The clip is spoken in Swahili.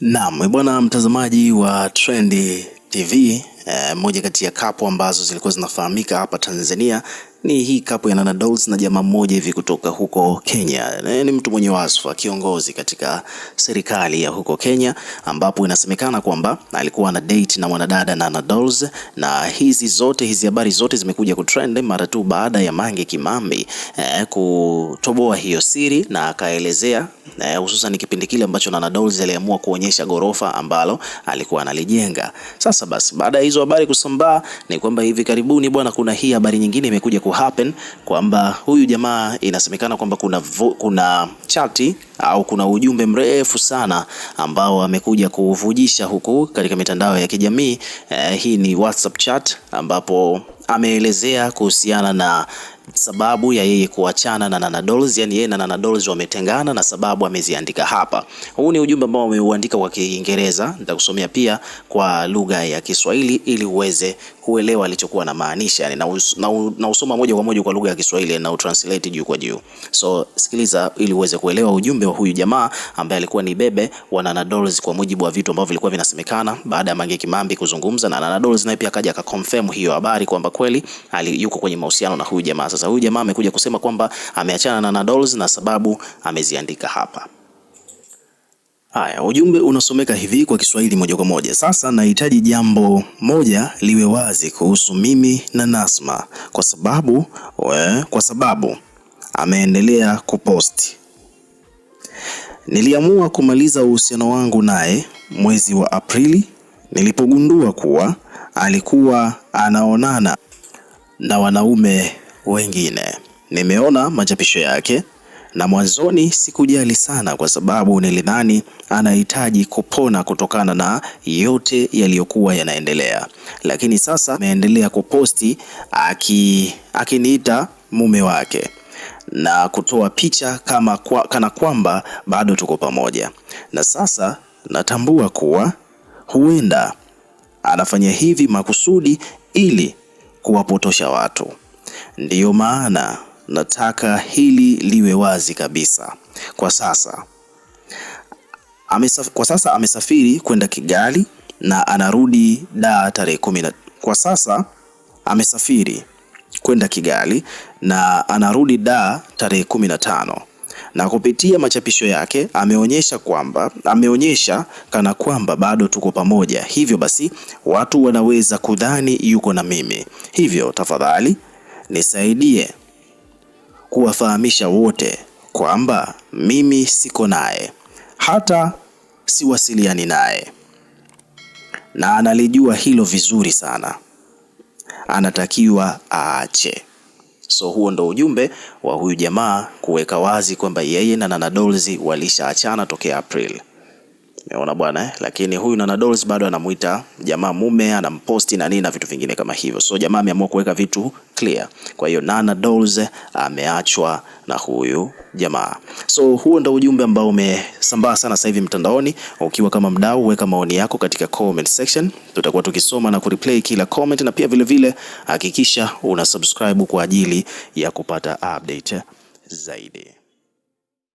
Naam, bwana mtazamaji wa Trend TV Eh, moja kati ya kapu ambazo zilikuwa zinafahamika hapa Tanzania ni hii kapu ya Nana Dolls na jamaa mmoja hivi kutoka huko Kenya. Ni mtu mwenye wasifa, kiongozi katika serikali ya huko Kenya, ambapo inasemekana kwamba alikuwa na date na mwanadada Nana Dolls, na hizi zote hizi habari zote zimekuja kutrend mara tu baada ya Mange Kimambi eh, kutoboa hiyo siri na akaelezea eh, hususan eh, kipindi kile ambacho Nana Dolls aliamua kuonyesha gorofa ambalo alikuwa analijenga. Sasa basi baada ya hizo hizo habari kusambaa ni kwamba hivi karibuni bwana, kuna hii habari nyingine imekuja ku happen kwamba huyu jamaa inasemekana kwamba kuna, kuna chati au kuna ujumbe mrefu sana ambao amekuja kuvujisha huku katika mitandao ya kijamii eh, hii ni WhatsApp chat ambapo ameelezea kuhusiana na sababu ya yeye kuachana na Nana Dolls, yani yeye na Nana Dolls wametengana na sababu ameziandika hapa. Huu ni ujumbe ambao ameuandika kwa Kiingereza, nitakusomea pia kwa lugha ya Kiswahili ili uweze kuelewa alichokuwa na maanisha, yani na usoma moja kwa moja kwa lugha ya Kiswahili na utranslate juu kwa juu. So sikiliza ili uweze kuelewa ujumbe wa huyu jamaa ambaye alikuwa ni bebe wa Nana Dolls, kwa mujibu wa vitu ambavyo vilikuwa vinasemekana baada ya Mange Kimambi kuzungumza na Nana Dolls, naye pia akaja akakonfirm hiyo habari kwamba kweli yuko kwenye mahusiano na huyu jamaa. Sasa huyu jamaa amekuja kusema kwamba ameachana na Nadols na sababu ameziandika hapa. Haya, ujumbe unasomeka hivi kwa Kiswahili moja kwa moja. Sasa nahitaji jambo moja liwe wazi kuhusu mimi na Nasma, kwa sababu we, eh, kwa sababu ameendelea kuposti. Niliamua kumaliza uhusiano wangu naye mwezi wa Aprili nilipogundua kuwa alikuwa anaonana na wanaume wengine. Nimeona machapisho yake na mwanzoni sikujali sana, kwa sababu nilidhani anahitaji kupona kutokana na yote yaliyokuwa yanaendelea, lakini sasa ameendelea kuposti aki akiniita mume wake na kutoa picha kama kwa, kana kwamba bado tuko pamoja, na sasa natambua kuwa huenda anafanya hivi makusudi ili kuwapotosha watu. Ndiyo maana nataka hili liwe wazi kabisa. Kwa sasa amesafiri, kwa sasa amesafiri kwenda Kigali na anarudi da tarehe kumi na kwa sasa amesafiri kwenda Kigali na anarudi da tarehe kumi na tano na kupitia machapisho yake ameonyesha kwamba ameonyesha kana kwamba bado tuko pamoja, hivyo basi watu wanaweza kudhani yuko na mimi, hivyo tafadhali nisaidie kuwafahamisha wote kwamba mimi siko naye, hata siwasiliani naye, na analijua hilo vizuri sana, anatakiwa aache. So huo ndo ujumbe wa huyu jamaa kuweka wazi kwamba yeye na Nana Dolls walishaachana tokea April. Umeona bwana eh? Lakini huyu Nana Dolls bado anamuita jamaa mume, anamposti na nini na vitu vingine kama hivyo. So jamaa ameamua kuweka vitu clear. Kwa hiyo Nana Dolls ameachwa na huyu jamaa. So huo ndio ujumbe ambao umesambaa sana sasa hivi mtandaoni. Ukiwa kama mdau, weka maoni yako katika comment section, tutakuwa tukisoma na kureplay kila comment, na pia vilevile hakikisha vile, una subscribe kwa ajili ya kupata update zaidi.